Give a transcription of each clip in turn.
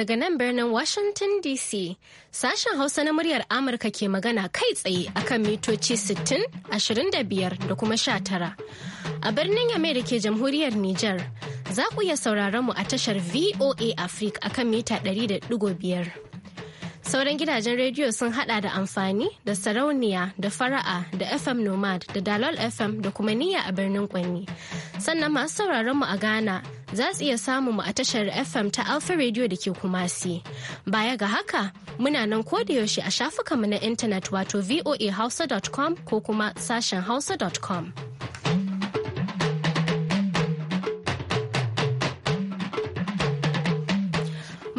daga nan birnin Washington DC. Sashen Hausa na muryar Amurka ke magana kai tsaye akan mitoci 60, 25 da kuma 19. A birnin Yame da ke jamhuriyar Nijar, za ku iya sauraron mu a tashar VOA Africa akan mita 100.5. Sauran gidajen rediyo sun hada da amfani da sarauniya da fara'a da FM Nomad da Dalol FM da kuma niyya a birnin Kwanni. Sannan masu sauraron mu a Ghana za su iya samu mu a tashar FM ta Alpha Radio da ke Kumasi. Baya ga haka, muna nan yaushe a mu na intanet wato voahausa.com ko kuma sashen hausa.com.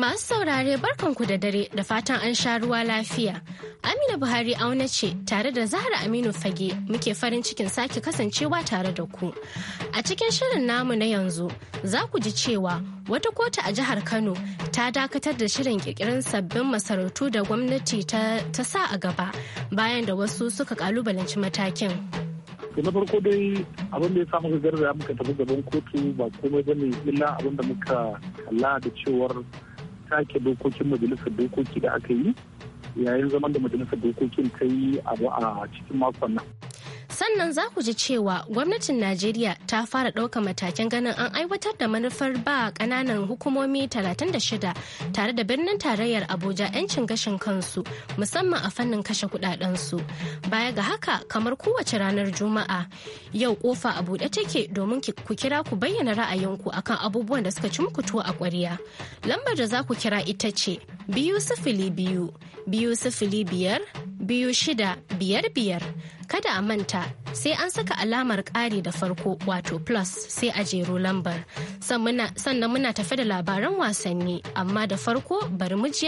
Masu saurare barkanku da dare da fatan an sha ruwa lafiya. Amina Buhari auna ce tare da Zahra Aminu Fage muke farin cikin sake kasancewa tare da ku. A cikin shirin namu na yanzu za ku ji cewa wata kotu a jihar Kano ta dakatar da shirin kirkirin sabbin masarautu da gwamnati ta sa a gaba bayan da wasu suka kalubalanci matakin. da na farko dai abin da ya samu garza muka tafi gaban kotu ba komai bane illa abin da muka kalla da cewar sake dokokin majalisar dokoki da aka yi yayin zaman da majalisar dokokin ta yi abu a cikin makon nan. sannan za ku ji cewa gwamnatin najeriya ta fara ɗauka matakin ganin an aiwatar da manufar ba ƙananan hukumomi 36 tare da birnin tarayyar abuja 'yancin gashin kansu musamman a fannin kashe kudadensu baya ga haka kamar kowace ranar juma'a yau kofa a buɗe take domin ku kira ku bayyana ra'ayinku akan abubuwan da suka ci muku tuwo a ƙwarya lambar da za ku kira ita ce biyu sifili biyu biyu sifili biyar biyu shida biyar biyar kada a manta sai an saka alamar ƙari da farko wato plus sai a jero lambar sannan muna tafe da labaran wasanni amma da farko bari mu ji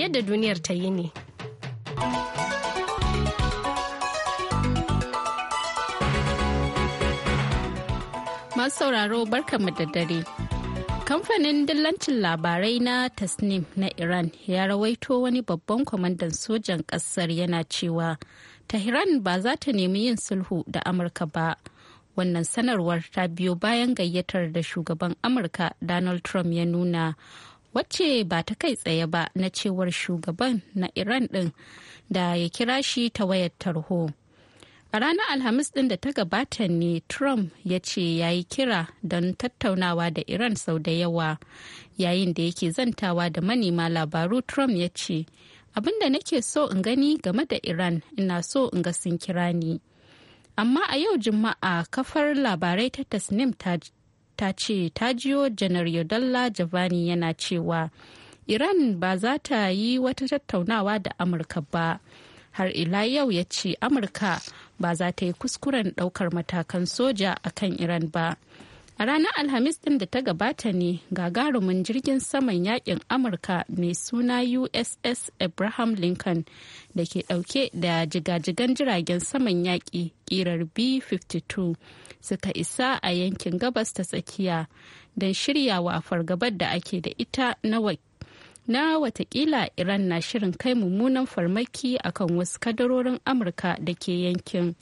yadda duniyar ta yi ne. masu sauraro barkanmu da dare. Kamfanin dillancin labarai na Tasnim na Iran ya rawaito wani babban kwamandan sojan ƙasar yana cewa Tehran ba za ta nemi yin sulhu da Amurka ba. Wannan sanarwar ta biyo bayan gayyatar da shugaban Amurka Donald Trump ya nuna wacce ba ta kai tsaye ba na cewar shugaban na Iran ɗin da ya kira shi ta wayar tarho. A ranar Alhamis ɗin da ta gabata ne Trump ya ce ya yi kira don tattaunawa da Iran sau da yawa. Yayin da yake zantawa da manema labaru Trump ya ce abin da nake so in gani game da iran ina so in ga sun kira ni amma a yau juma'a kafar labarai ta tasnim ta ce ta jiyo janar yodalla javani yana cewa iran ba za ta yi wata tattaunawa da amurka ba har ila yau ya ce amurka ba za ta yi kuskuren daukar matakan soja a kan iran ba A ranar Alhamis ɗin da ta gabata ne gagarumin jirgin saman yakin Amurka mai suna USS Abraham Lincoln da ke ɗauke da jigajigan jiragen saman yaƙi ƙirar B-52 suka isa a yankin gabas ta tsakiya don shiryawa fargabar da ake da ita na na watakila Iran na shirin kai mummunan farmaki akan wasu kadarorin Amurka da ke yankin.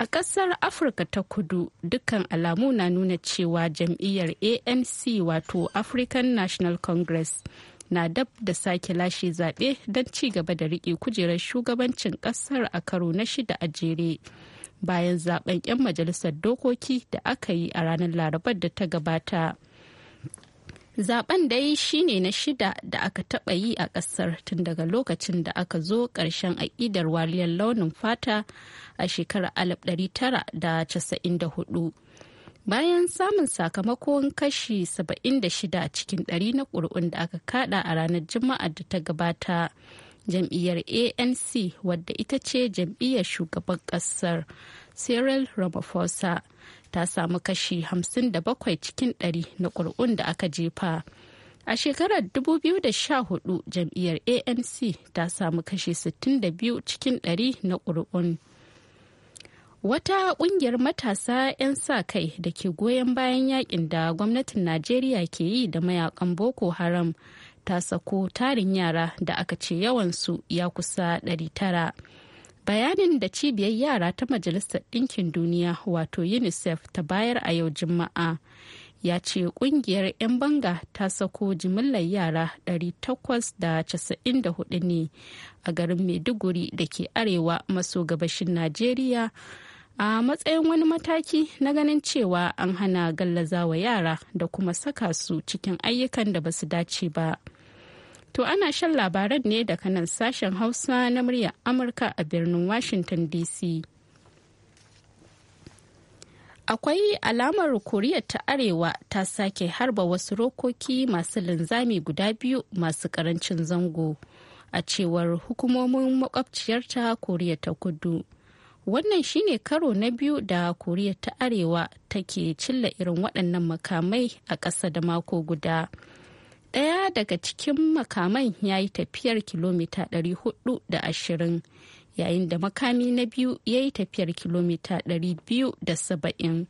A ƙasar Afirka ta kudu dukkan alamu na nuna cewa jam'iyyar ANC wato African National Congress na dab da sake lashe zaɓe don ci gaba da riƙe kujerar shugabancin ƙasar a karo na shida a jere. Bayan zaben 'yan majalisar dokoki da aka yi a ranar larabar da ta gabata. Zaben dai ne na shida da aka taɓa yi a ƙasar tun daga lokacin da aka zo ƙarshen aƙidar wariyar launin fata a shekarar 1994. Bayan samun sakamakon kashi 76 cikin ɗari na ƙuri'un da aka kada a ranar Juma'a da ta gabata, jam'iyyar ANC wadda ita ce jam'iyyar shugaban ƙasar Cyril Ramaphosa. ta samu kashi 57 cikin 100 na ƙuri'un da aka jefa. A shekarar 2014 jam'iyyar ANC ta samu kashi 62 cikin 100 na ƙuri'un. Wata ƙungiyar matasa 'yan sa-kai da ke goyon bayan yakin da gwamnatin Najeriya ke yi da mayakan Boko Haram ta sako tarin yara da aka ce yawansu ya kusa 900. bayanin da cibiyar yara ta majalisar ɗinkin duniya wato unicef ta bayar a yau juma'a ya ce kungiyar 'yan banga ta sako jimillar yara 894 ne a garin maiduguri da ke arewa maso gabashin najeriya a matsayin wani mataki na ganin cewa an hana gallazawa yara da kuma saka su cikin ayyukan da ba su dace ba. To ana shan labaran ne daga nan sashen Hausa na muryar Amurka a birnin Washington DC. Akwai alamar Koriya ta Arewa ta sake harba wasu rokoki masu linzami guda biyu masu karancin zango a cewar hukumomin makwabciyarta Koriya ta Kudu. Wannan shine karo na biyu da Koriya ta Arewa take cilla irin waɗannan makamai a ƙasa da mako guda. ɗaya daga cikin makaman ya yi tafiyar kilomita 420 yayin da makami na biyu ya yi tafiyar kilomita 270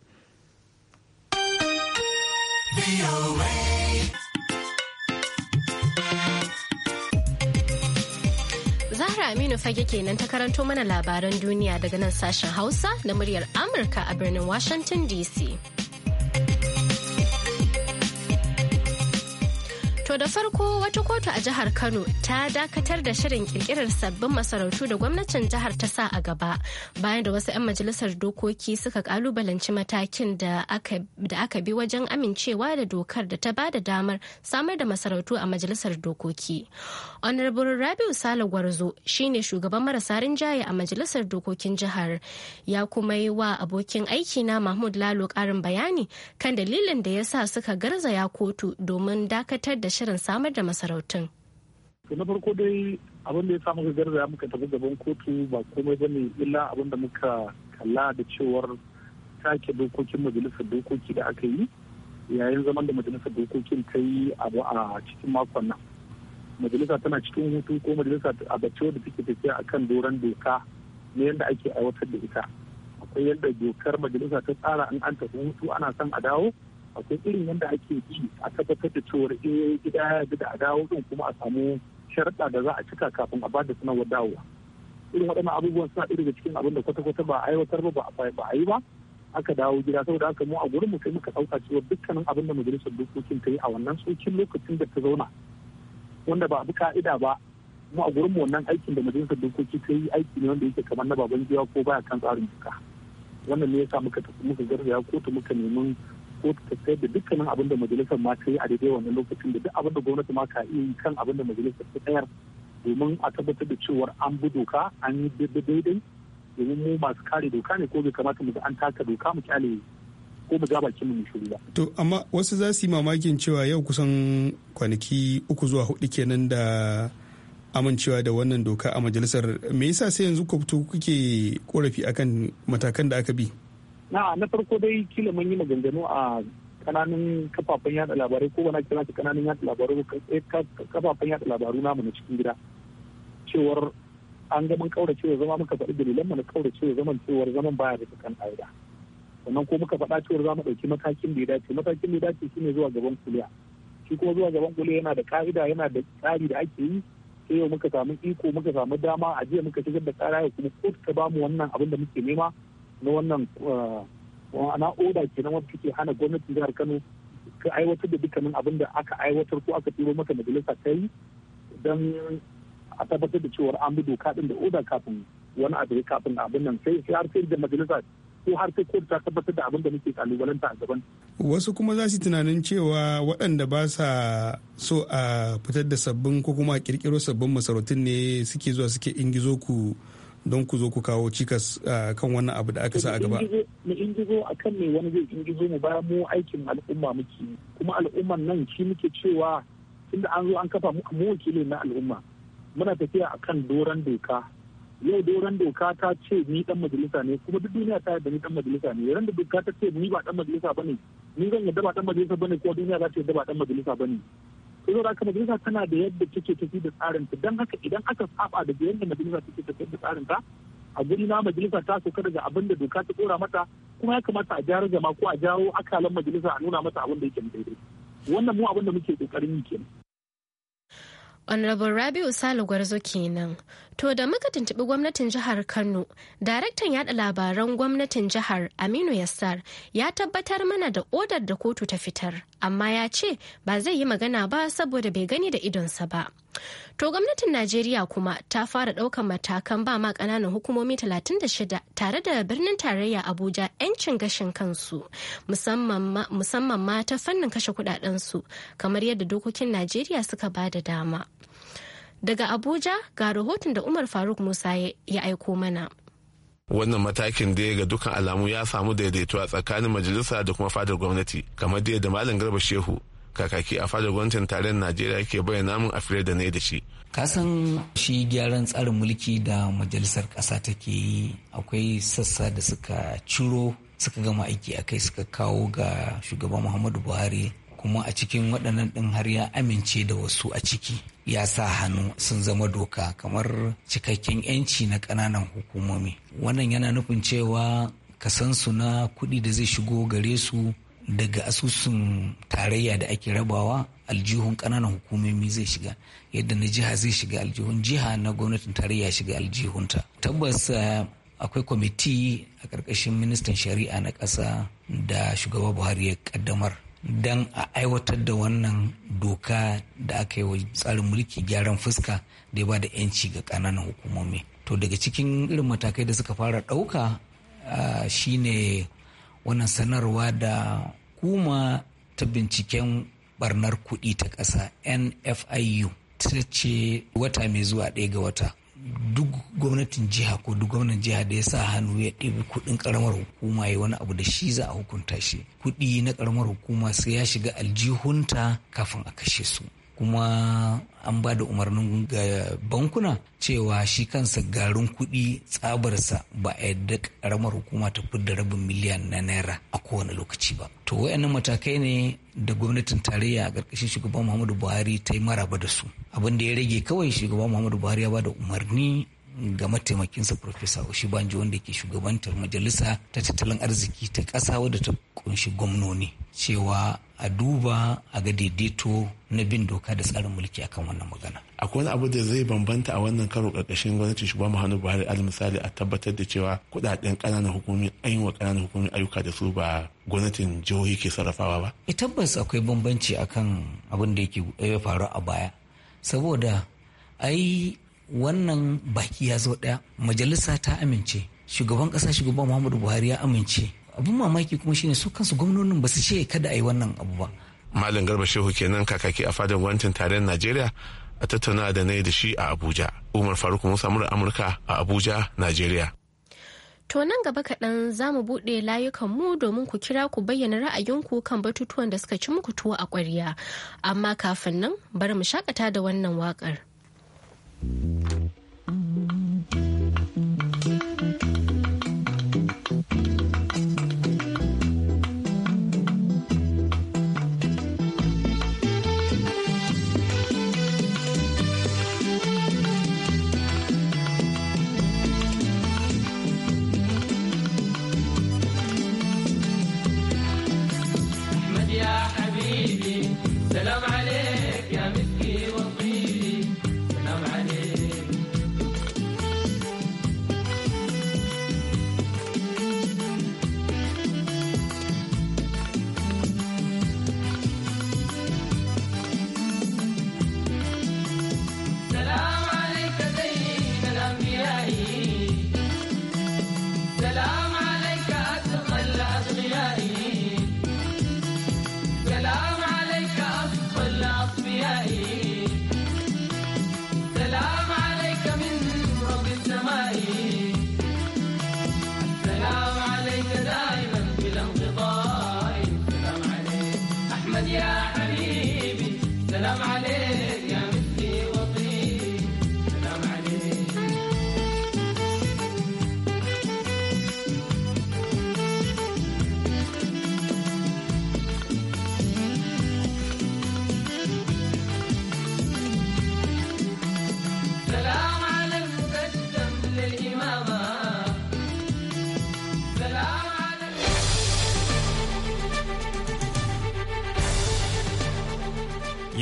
Zahra Aminu fage kenan ta karanto mana labaran duniya daga nan sashen Hausa na muryar Amurka a birnin Washington DC. To da farko wata kotu a jihar Kano ta dakatar da shirin kirkirar sabbin masarautu da gwamnatin jihar ta sa a gaba bayan da wasu 'yan majalisar dokoki suka kalubalanci matakin da aka bi wajen amincewa da dokar da ta bada damar samar da masarautu a majalisar dokoki. Honorable Rabiu Sale Gwarzo shine shugaban marasa rinjaye a majalisar dokokin jihar ya kuma yi wa abokin aiki na Mahmud Lalo karin bayani kan dalilin da ya sa suka garzaya kotu domin dakatar da shirin samar da masarautun. na farko dai abin da ya samu ga garzaya muka tafi gaban kotu ba komai ba ne illa abin da muka kalla da cewar take dokokin majalisar dokoki da aka yi yayin zaman da majalisar dokokin ta yi abu a cikin makon nan majalisa tana cikin hutu ko majalisa a bace da take tafiya akan doron doka ne yadda ake aiwatar da ita akwai yadda dokar majalisa ta tsara in an tafi hutu ana son a dawo akwai irin yadda ake yi a tabbatar da cewar eh gida gida a dawo din kuma a samu sharaɗa da za a cika kafin a ba da sanarwar dawowa irin waɗannan abubuwan suna ɗaya daga cikin abin da kwata-kwata ba a aiwatar ba ba a yi ba aka dawo gida saboda haka mu a gurin mu sai muka ɗauka cewa dukkanin abin da majalisar dokokin ta yi a wannan tsokin lokacin da ta zauna wanda ba bi ka'ida ba mu a gurin mu wannan aikin da majalisar dokoki ta yi aiki ne wanda yake kamar na baban jiya ko baya kan tsarin doka wannan ne yasa muka tafi muka garzaya kotu muka neman ko ta sayar da dukkanin abin da majalisar ma ta yi a daidai wannan lokacin da duk abin da gwamnati ma ka iya kan abin da majalisar ta sayar domin a tabbatar da cewa an bi doka an yi daidai domin mu masu kare doka ne ko bai kamata mu ga an taka doka mu kyale ko mu ja bakin mu shiru ba. To amma wasu za su yi mamakin cewa yau kusan kwanaki uku zuwa hudu kenan da amincewa da wannan doka a majalisar me yasa sai yanzu ku fito kuke korafi akan matakan da aka bi. na na farko dai kila mun yi maganganu a kananan kafafen yada labarai ko wani kira su kananun yada labarai eh, kafafen yada labaru namu na cikin gida cewar an ga mun kaura cewa zama muka faɗi dalilan mu na kaura wa zaman cewar zaman baya da kan aida sannan ko muka faɗa cewar za mu ɗauki matakin da ya dace matakin da ya dace shine zuwa gaban kuliya shi kuma zuwa gaban kuliya yana da ka'ida yana da tsari da ake yi sai yau muka samu iko muka samu dama a jiya muka shigar da tsara ya kuma ko ta bamu wannan abin da muke nema na wannan uh, na oda kenan wanda take hana gwamnatin jihar Kano ka aiwatar da dukkanin abin da aka aiwatar ko aka turo mata majalisa ta yi don a tabbatar da cewar an bi doka din da oda kafin wani abu ya kafin abin nan sai har sai da majalisa ko har sai kotu ta tabbatar da abin da muke kalubalanta a gaban. Wasu kuma za su tunanin cewa waɗanda ba sa so a fitar da sabbin ko kuma a kirkiro sabbin masarautun ne suke zuwa suke ingizo ku don ku zo ku kawo cikas kan wannan abu da aka sa a gaba. Na ingizo a kan ne wani zai ingizo mu bayan mu aikin al'umma muke kuma al'umman nan shi muke cewa inda an zo an kafa mu wakili na al'umma muna tafiya a kan doron doka yau doron doka ta ce ni dan majalisa ne kuma duk duniya ta yarda ni dan majalisa ne yaran da doka ta ce ni ba dan majalisa bane ni zan yarda ba dan majalisa bane ko duniya za ta yarda ba dan majalisa bane yanzu da majalisa tana da yadda take tafi da tsarin ta don haka idan aka saba da yadda majalisa take tafi da tsarinta a guri na majalisa ta sauka daga abin da doka ta dora mata kuma ya kamata a jara zama ko a jawo akalan majalisa a nuna mata abin da yake daidai wannan mu abin da muke kokarin yi kenan Honorable Rabiu Salu Gwarzo kenan To da muka tuntuɓi gwamnatin jihar Kano, daraktan yada labaran gwamnatin jihar Aminu Yassar ya tabbatar mana da odar da kotu ta fitar, amma ya ce ba zai yi magana ba saboda bai gani da idonsa ba. To gwamnatin Najeriya kuma ta fara ɗaukar matakan ba ma ƙananan hukumomi 36 tare da birnin tarayya Abuja 'yancin gashin kansu, musamman ma ta fannin kashe su, kamar yadda dokokin Najeriya suka ba da dama. Daga Abuja ga rahoton da Umar Faruk Musa ya aiko mana. wannan matakin da ga dukkan alamu ya samu daidaito a tsakanin majalisa da kuma fadar gwamnati kamar da malam garba shehu kakaki a fadar gwamnatin tarayyar najeriya ke bayyana namun a da ne da shi kasan shi gyaran tsarin mulki da majalisar kasa take yi akwai sassa da suka ciro suka gama aiki akai suka kawo ga shugaban muhammadu buhari kuma a cikin waɗannan ɗin har ya amince da wasu a ciki ya sa hannu sun zama doka kamar cikakken 'yanci na ƙananan hukumomi wannan yana nufin cewa kasansu na kuɗi da zai shigo gare su daga asusun tarayya da ake rabawa aljihun ƙananan hukumomi zai shiga yadda na jiha zai shiga aljihun jiha na gwamnatin tarayya shiga aljihunta tabbas eh, akwai kwamiti a ƙarƙashin ministan shari'a na ƙasa da shugaba buhari ya ƙaddamar don a aiwatar da wannan doka da aka yi wa tsarin mulki gyaran fuska da ya ba da 'yanci ga ƙananan hukumomi to daga cikin irin matakai da suka fara ɗauka shine wannan sanarwa da kuma ta binciken barnar kuɗi ta ƙasa nfiu ta ce wata mai zuwa ɗaya ga wata duk gwamnatin jiha ko duk gwamnan jiha da ya sa hannu ya ɗebi kuɗin karamar hukuma ya wani abu da shi za a hukunta shi kuɗi na karamar hukuma sai ya shiga aljihunta kafin a kashe su kuma an ba da umarnin ga bankuna cewa shi kansa garin kuɗi tsabarsa ba a yadda ƙaramar hukuma ta da rabin miliyan na naira a kowane lokaci ba to wayannan matakai ne da gwamnatin tarayya a ƙarƙashin shugaban muhammadu buhari ta yi maraba da su abin da ya rage kawai shugaban muhammadu buhari ya ba da umarni ga mataimakinsa Profesa Oshibanji wanda ke shugabantar majalisa ta tattalin arziki ta ƙasa wadda ta ƙunshi gwamnoni cewa a duba a ga daidaito na bin doka da tsarin mulki akan wannan magana. Akwai wani abu da zai bambanta a wannan karo karkashin gwamnatin shugaban Muhammadu Buhari al misali a tabbatar da cewa kudaden ƙananan hukumi an wa kananan hukumi ayyuka da su ba gwamnatin jihohi ke sarrafawa ba. E tabbas akwai bambanci akan abin da yake ya faru a baya. Saboda ai wannan baki ya zo ɗaya majalisa ta amince shugaban ƙasa shugaban Muhammadu Buhari ya amince abin mamaki kuma shine su kansu gwamnonin ba su ce kada a yi wannan abu ba malam garba shehu kenan kakaki a fadar wancan tarayyar najeriya a tattauna da na da shi a abuja umar faruk musa mura amurka a abuja najeriya To nan gaba kaɗan za mu buɗe layukan mu domin ku kira ku bayyana ra'ayinku kan batutuwan da suka ci muku tuwo a ƙwarya. Amma kafin nan bari mu shakata da wannan waƙar.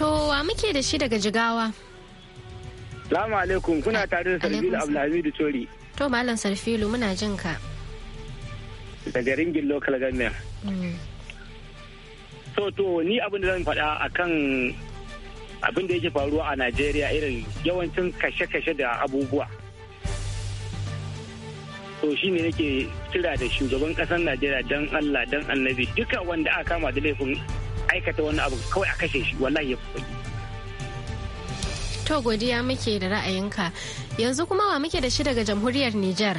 To wa muke da shi daga jigawa? Salamu alaikum kuna tare da Sarfilu Abdulhamidu Tori. To Malam Sarfilu muna jin ka. Daga ringin local government. Mm. So to ni abin da zan faɗa kan abin da yake faruwa a Najeriya irin yawancin kashe-kashe da abubuwa. To shi ne nake kira da shugaban ƙasar Najeriya don Allah don annabi duka wanda aka kama da laifin aikata wani abu kawai a kashe shi wallahi ya to godiya muke da ra'ayinka yanzu kuma wa muke da shi daga jamhuriyar Nijar.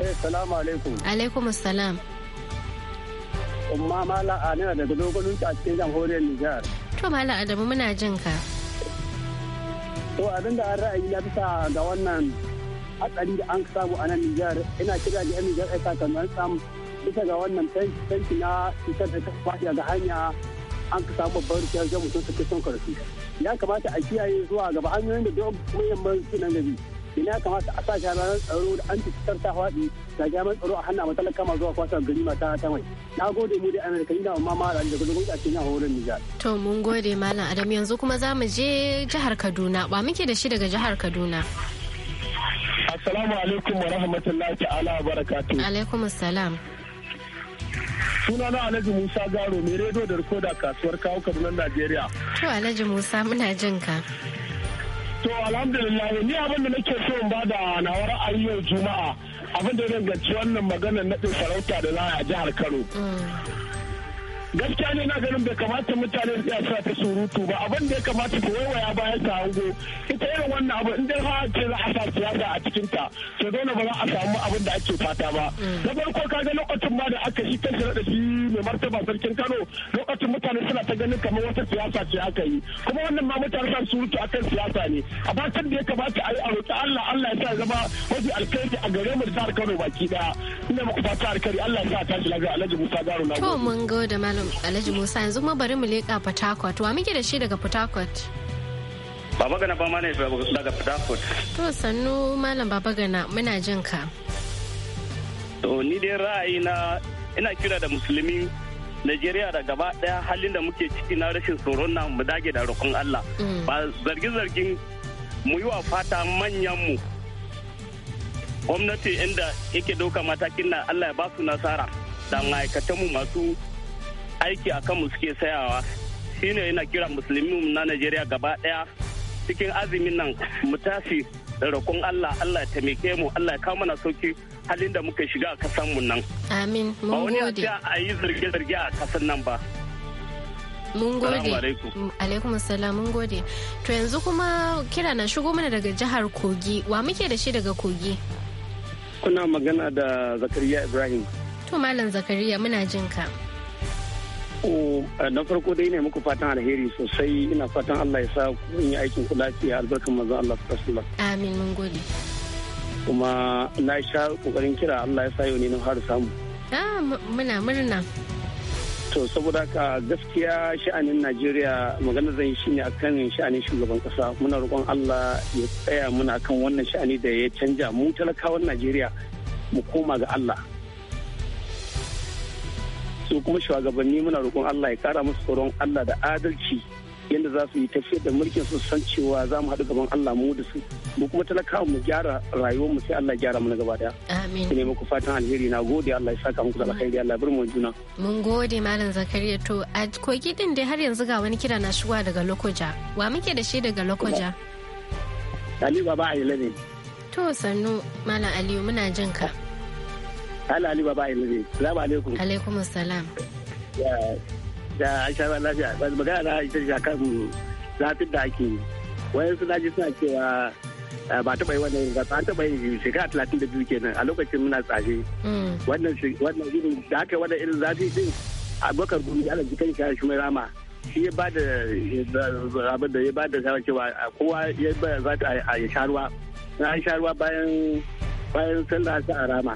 Eh, salamu alaikum. Alaikum salam. Umma Mala Amina daga dogon a cikin jamhuriyar Nijar. To Mala Adamu muna jin ka. To abin da an ra'ayi na bisa ga wannan hatsari da an samu a nan Nijar ina kira ga 'yan Nijar ya kamar samu bisa ga wannan tanki na cutar da ta faɗi ga hanya an ka samu babban rikiyar jan mutum ta son karfi ya kamata a kiyaye zuwa gaba hanyoyin da don muyan ban nan gari ina ya kamata a sa jami'an tsaro da an cutar ta faɗi ga jami'an tsaro a a matsalar kama zuwa kwasar gari mata ta mai na gode mu da amurka ina ma mara da gudu a cikin horon nijar. to mun gode malam adam yanzu kuma za mu je jihar kaduna ba muke da shi daga jihar kaduna. assalamu alaikum wa rahmatullahi ta'ala wa barakatuh. alaikum assalam. suna na alhaji musa garo mai rediyo da rikoda kasuwar kawo kaduna najeriya to alhaji musa muna jin ka to alhamdulillah ni abin da nake so in ba da nawa yau juma'a abin da ya danganci wannan maganar naɗin sarauta da za a jihar kano mm. gaskiya ne na ganin bai kamata mutane da ta surutu ba abin da ya kamata ta waiwaya bayan ta hango ita irin wannan abu in dai har ce za a sa siyasa a cikin ta to dole ba za a samu abin da ake fata ba da mm. farko ka ga lokacin ma da aka shi kansa da shi mai martaba sarkin Kano lokacin mutane suna ta ganin kamar wata siyasa ce aka yi kuma wannan ma mutane sa surutu akan siyasa ne a fatan da ya kamata a yi a roƙi Allah Allah ya sa zama wasu alkhairi a gare mu da Kano baki daya ina muku fata alkhairi Allah ya sa tashi lafiya Alhaji Musa Garo na Malam Alhaji Musa yanzu kuma bari mu leƙa Port Wa muke da shi daga Port Baba gana ba ne daga Port To sannu Malam Baba gana muna jin ka. To ni dai ra'ayi na ina kira da musulmi Najeriya da gaba daya halin da muke ciki na rashin tsoron nan mu dage da roƙon Allah. Mm. Ba zargin zargin mu yi wa fata manyan mu. gwamnati inda yake dauka matakin na Allah ya ba su nasara da ma'aikatanmu masu aiki a kanmu suke sayawa shine yana kira musulmi na najeriya gaba daya cikin azumin nan mu tafi rakon roƙon allah allah ya taimake mu allah ya kawo mana sauki halin da muka shiga a kasan mu nan amin mun gode ba wani a yi zarge-zarge a kasan nan ba mun gode mm, alaikum assalam mun gode to yanzu kuma kira na shigo mana daga jihar kogi wa muke da shi daga kogi kuna magana da zakariya ibrahim to malam zakariya muna jin ka Eh, na farko dai ne muku fatan alheri sosai ina fatan Allah ya sa yi aikin ku lafiya albarkan manzo Allah sallallahu Amin mun gode. Kuma na sha kokarin kira Allah ya sa yau ne na har samu. Ah muna murna. To saboda ka gaskiya sha'anin Najeriya maganar zan shi ne akan sha'anin shugaban kasa muna roƙon Allah ya tsaya muna kan wannan sha'ani da ya canja mu talakawan Najeriya mu koma ga Allah. su kuma shugabanni muna roƙon Allah ya kara musu tsoron Allah da adalci yadda za su yi tafiyar da mulkin su san cewa za mu haɗu gaban Allah mu da su mu kuma talakawa mu gyara rayuwar mu sai Allah ya gyara mana gaba daya amin ne muku fatan alheri na gode Allah ya saka muku da alheri Allah ya bar mu juna mun gode malam zakariya to a kogi din dai har yanzu ga wani kira na shigowa daga lokoja wa muke da shi daga lokoja Ali baba Ayila ne to sannu malam Aliyu muna jin ka Allah Ali Baba Ilmi. Salamu alaikum. Alaikum assalam. Da lafiya. Magana na ita kan zafin da ake yi. Wayansu na suna cewa ah, ba taɓa yi wannan ba an taɓa yin shekara talatin da biyu kenan a lokacin muna mm. Wannan wannan irin da aka wannan irin zafi din abokar gumi ala jikan shi mai rama. Shi ya bada abin da ya bada shawar cewa ah, kowa ya bada zafi a sha ruwa. Na sha ruwa bayan bayan sallah sa a rama.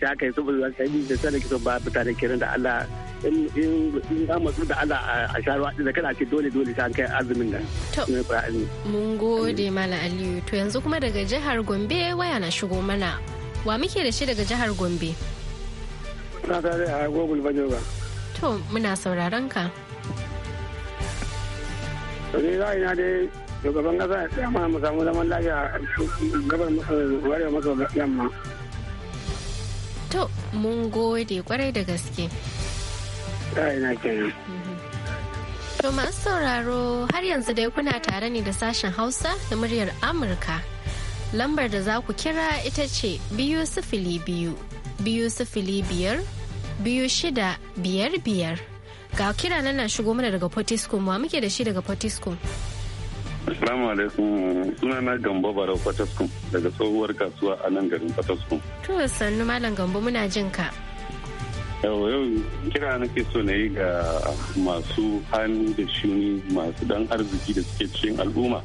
sai aka yi saboda yi da sanin kisan ba mutane kenan da Allah in ga masu da Allah a sharuwa da kana ce dole dole an kai azumin nan. Mun gode Mala Aliyu to yanzu kuma daga jihar Gombe waya na shigo mana. Wa muke da shi daga jihar Gombe? Na tare a Gogul ba. To muna sauraron ka. ni za ina dai shugaban kasa ya tsaya mana mu samu zaman lafiya gabar eh, maso yamma. To, mun gode kwarai da gaske. To masu sauraro har yanzu dai kuna tare ne da sashen Hausa da muryar Amurka. Lambar da za ku kira ita ce biyu sifili biyu, biyu sifili biyar, biyu shida biyar biyar. Ga kira nan na shigo mana daga Potiskum, wa muke da shi daga Potiskum? Assalamu alaikum sunana Gambo Barau Fataskun daga tsohuwar kasuwa a nan garin Fataskun. To sannu Malam Gambo muna jin ka. Yau yau kira nake so na yi ga masu hannu da shuni masu dan arziki da suke cikin al'umma.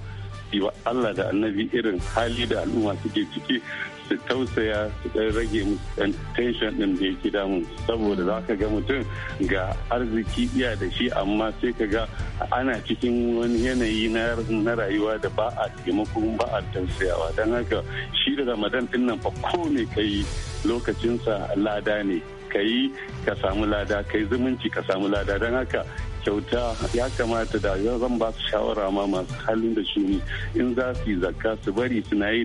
Iwa Allah da annabi irin hali da al'umma suke ciki su tausaya su ɗan rage musu tension ɗin da yake damun saboda za ka ga mutum ga arziki iya da shi amma sai ka ga ana cikin wani yanayi na rayuwa da ba a taimakon ba a tausayawa don haka shi da ramadan din nan fa ko ne ka yi lokacinsa lada ne ka yi ka samu lada ka yi zumunci ka samu lada don haka kyauta ya kamata da yau zan ba su shawara ma masu halin da ne in za su yi zakka su bari suna yi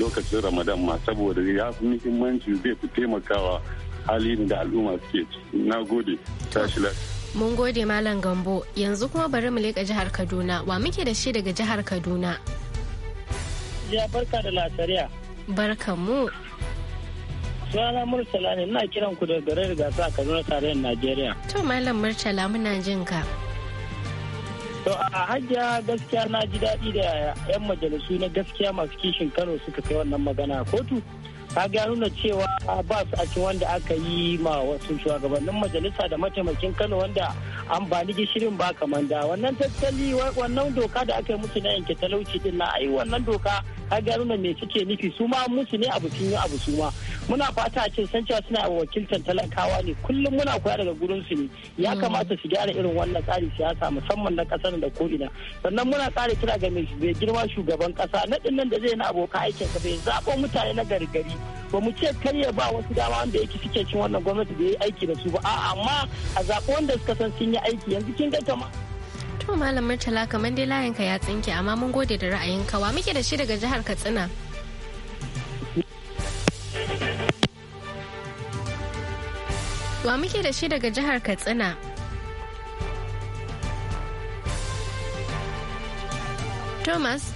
lokacin ramadan ma saboda ya fi muhimmanci zai fi taimakawa halin da al'umma suke na gode tashi mun gode malam gambo yanzu kuma bari mu leƙa jihar kaduna wa muke da shi daga jihar kaduna ya barka da lasariya barka mu Suna Murtala ne ina kiran ku daga garin rigasa a Kaduna tarayyar Najeriya. To Malam Murtala muna jin ka. To a hajjiya gaskiya na ji daɗi da 'yan majalisu na gaskiya masu kishin Kano suka kai wannan magana kotu. Ka ga nuna cewa ba su a cikin wanda aka yi ma wasu shugabannin majalisa da mataimakin Kano wanda an ba ni gishirin ba kamar da wannan tattali wannan doka da aka yi musu na yanke talauci din na ayi wannan doka ka ga nuna me suke nufi su ma musu ne abu sun yi abu su ma muna fata a ce san cewa suna wakiltar talakawa ne kullum muna koya daga gurin su ne ya mm. kamata su gyara irin wannan tsari siyasa musamman na kasar da ko'ina sannan muna tsara kira ga mai girma shugaban kasa na nan da zai na aboka aikin sa bai zaɓo mutane na gargari ba mu ce kar ya ba wasu dama wanda yake suke cin wannan gwamnati da ya yi aiki da su ba a amma a zaɓo wanda suka san sun yi aiki yanzu kin ga kama to malam murtala kamar dai layinka ya tsinke amma mun gode da ra'ayin kawa muke da shi daga jihar katsina Wa muke da shi daga jihar Katsina? Thomas.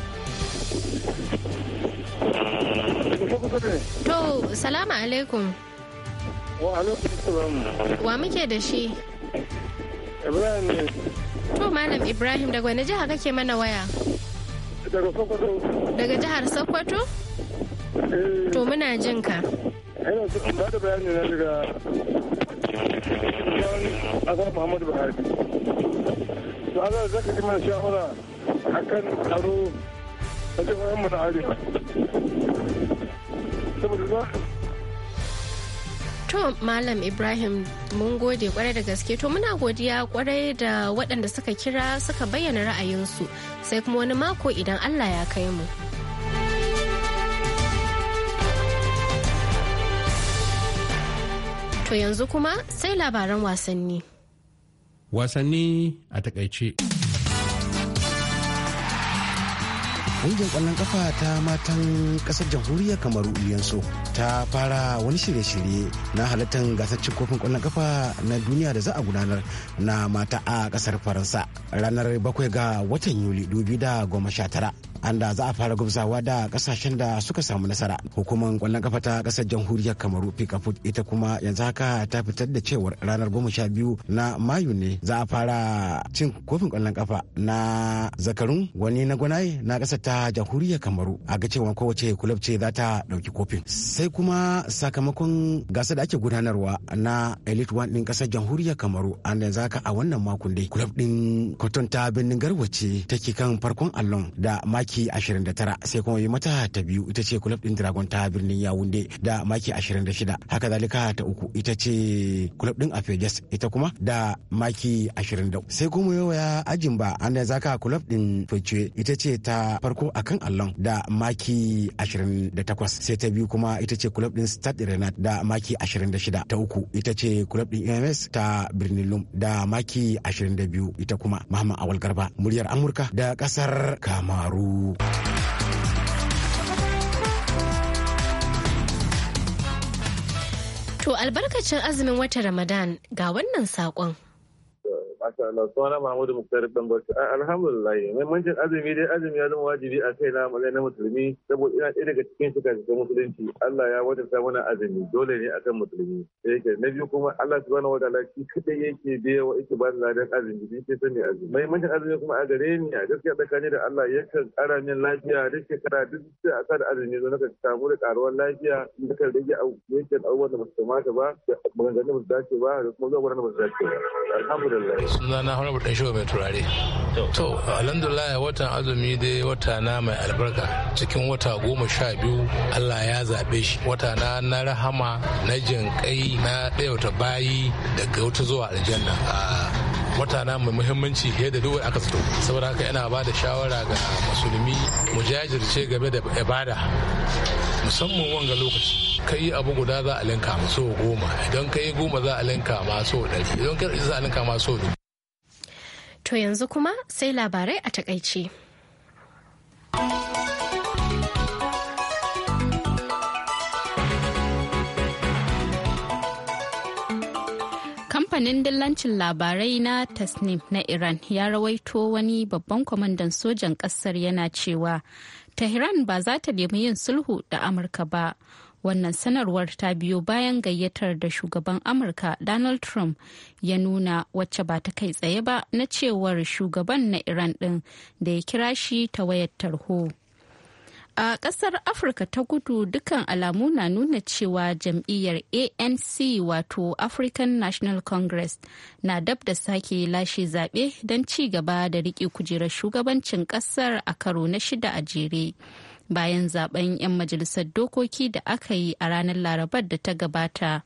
To, salamu alaikum. Wa alaikum salam. Wa muke da shi? Ibrahim ne. To, Malam Ibrahim daga wani jiha kake mana waya? daga Sokoto. Daga jihar Sokoto? Eh. To muna jin ka. Ina ba da bayani na daga Azar Muhammadu Buhari. To Azar zaka ji mana shawara akan tsaro a jihohin mu na Arewa. Saboda To Malam Ibrahim mun gode kwarai da gaske to muna godiya kwarai da waɗanda suka kira suka bayyana ra'ayinsu sai kuma wani mako idan Allah ya kai mu. To yanzu kuma sai labaran wasanni. Wasanni a takaice. Ƙungiyar ƙwallon ƙafa ta matan ƙasar jamhuriyar Kamaru uliyansu ta fara wani shirye-shirye na halartar gasar cin kofin ƙwallon ƙafa na duniya da za a gudanar na mata a ƙasar Faransa ranar bakwai ga watan Yuli 2019. anda za a fara gubzawa da kasashen da suka samu nasara hukumar kwallon kafa ta kasar jamhuriyar kamaru pikafut ita kuma yanzu haka ta fitar da cewar ranar goma sha biyu na mayu ne za a fara cin kofin kwallon kafa na zakarun wani na gwanaye na kasar ta jamhuriyar kamaru a ga cewa kowace kulab ce za ta dauki kofin sai kuma sakamakon gasar da ake gudanarwa na elite one din kasar jamhuriyar kamaru an yanzu haka a wannan makon dai kulab din cotton ta birnin garwace take kan farkon allon da maki maki 29 sai kuma bi mata ta biyu ita ce kulab din dragon ta birnin yawunde da maki 26 haka zalika ta uku ita ce kulab din afejas ita kuma da maki 20 sai kuma yau ya ajin ba an da zaka kulab din fece ita ce ta farko akan allon da maki 28 sai ta biyu kuma ita ce kulab din stade renat da maki 26 ta uku ita ce kulab din ms ta birnin lum da maki 22 ita kuma mahamman awal garba muryar amurka da kasar kamaru To albarkacin azumin watan Ramadan ga wannan saƙon. Masha Allah, suna Mahmudu Muktar Ɗanbatu. Alhamdulillah, muhimmancin azumi dai azumi ya zama wajibi a kai na matsayin na musulmi saboda ina ɗaya daga cikin shiga cikin musulunci. Allah ya wajabta mana azumi dole ne akan musulmi. Yake na biyu kuma Allah subhanahu wa ta'ala shi kadai yake biya wa yake ba ladan azumi shi ke sani azumi. Muhimmancin azumi kuma a gare ni a gaskiya tsakani da Allah yakan kara min lafiya duk shekara duk sai a kada azumi zo naka samu da ƙaruwar lafiya naka rage yankin abubuwan da ba su kamata ba da maganganun da ba dace ba da kuma zuwa da ba su dace ba. Alhamdulillah. suna na dan shehu mai turare to alhamdulillah watan azumi dai wata na mai albarka cikin wata goma sha biyu allah ya zaɓe shi wata na na rahama na kai na ɗayauta bayi daga wata zuwa aljanna ah, wata na mai muhimmanci fiye da duk aka zato saboda haka yana ba da shawara ga musulmi mu jajirce game da ibada musamman wanga lokaci ka yi abu guda za a linka maso goma idan ka yi goma za a linka maso ɗari idan ka yi za a linka maso To yanzu kuma sai labarai a takaice. kamfanin dillancin labarai na tasnim na iran ya rawaito wani babban kwamandan sojan kasar yana cewa tehran ba za ta nemi yin sulhu da amurka ba wannan sanarwar ta biyo bayan gayyatar da shugaban amurka donald trump ya nuna wacce ba ta kai tsaye ba na cewar shugaban na iran din da ya kira shi ta wayar tarho a kasar afirka ta gudu dukkan alamu na nuna cewa jam'iyyar anc wato african national congress na dab da sake lashe zaɓe don ci gaba da riƙe kujerar shugabancin kasar a karo na shida a jere. bayan zaben 'yan majalisar dokoki da aka yi a ranar larabar da ta gabata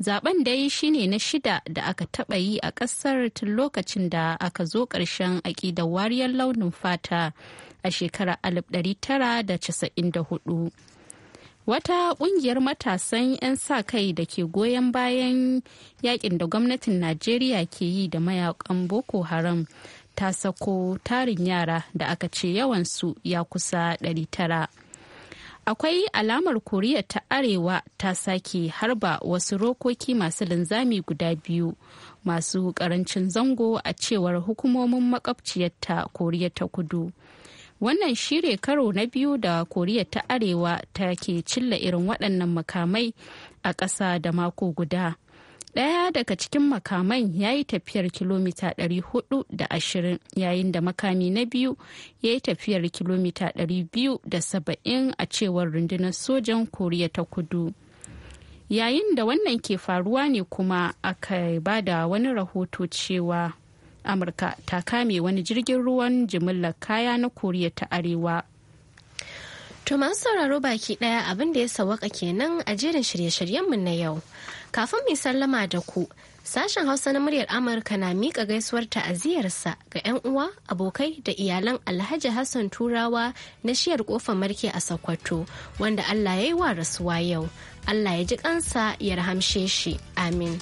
zaben dai shine na shida da aka taba yi a kasar tun lokacin da aka zo ƙarshen aƙidar wariyar launin fata a shekarar 1994 wata ƙungiyar matasan 'yan sa-kai da ke goyon bayan yakin da gwamnatin najeriya ke yi da mayakan boko haram ta sako tarin yara da aka ce yawansu ya kusa 900 akwai alamar koriya ta arewa ta sake harba wasu rokoki masu linzami guda biyu masu karancin zango a cewar hukumomin makwabciyarta koriya ta kudu wannan shire karo na biyu da koriya ta arewa ta ke cilla irin waɗannan makamai a ƙasa da mako guda Ɗaya daga cikin makaman ya yi tafiyar kilomita 420 yayin da makami na biyu ya yi tafiyar kilomita 270 a cewar rundunar sojan Koriya ta kudu. Yayin da wannan ke faruwa ne kuma aka ba da wani rahoto cewa Amurka ta kame wani jirgin ruwan jimillar kaya na Koriya ta Arewa To masu sauraro baki ɗaya abin da ya sawaka kenan a jerin shirye-shiryenmu na yau. Kafin mai sallama da ku, sashen Hausa na muryar Amurka na miƙa gaisuwar ta'aziyarsa ga 'yan uwa, abokai da iyalan Alhaji Hassan Turawa na shiyar kofar marke a Sokoto, wanda Allah ya yi wa rasuwa yau. Allah ya ji kansa ya rahamshe shi. Amin.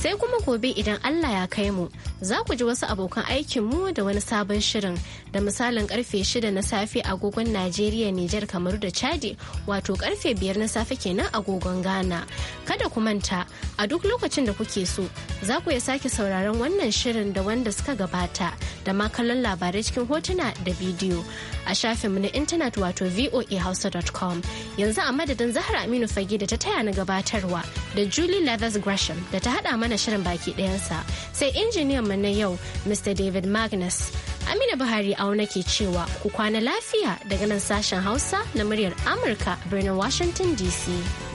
Sai kuma gobe idan Allah ya kai mu, za ku ji wasu abokan aikinmu da wani sabon shirin da misalin karfe shida na safe agogon Najeriya, Nijar, kamar da Chadi wato karfe biyar na safe kenan agogon Ghana. Kada ku manta a duk lokacin da kuke so za ku ya sake sauraron wannan shirin da wanda suka gabata da ma kallon labarai cikin hotuna da bidiyo a shafinmu na intanet wato voahausa.com yanzu a madadin Zahra Aminu Fage da ta taya na gabatarwa da Julie Leathers Gresham da ta hada mana shirin baki ɗayansa sai injiniyan na yau Mr. David Magnus. Amina Buhari auna ke cewa ku kwana lafiya daga nan sashen Hausa na muryar Amurka birnin Washington DC.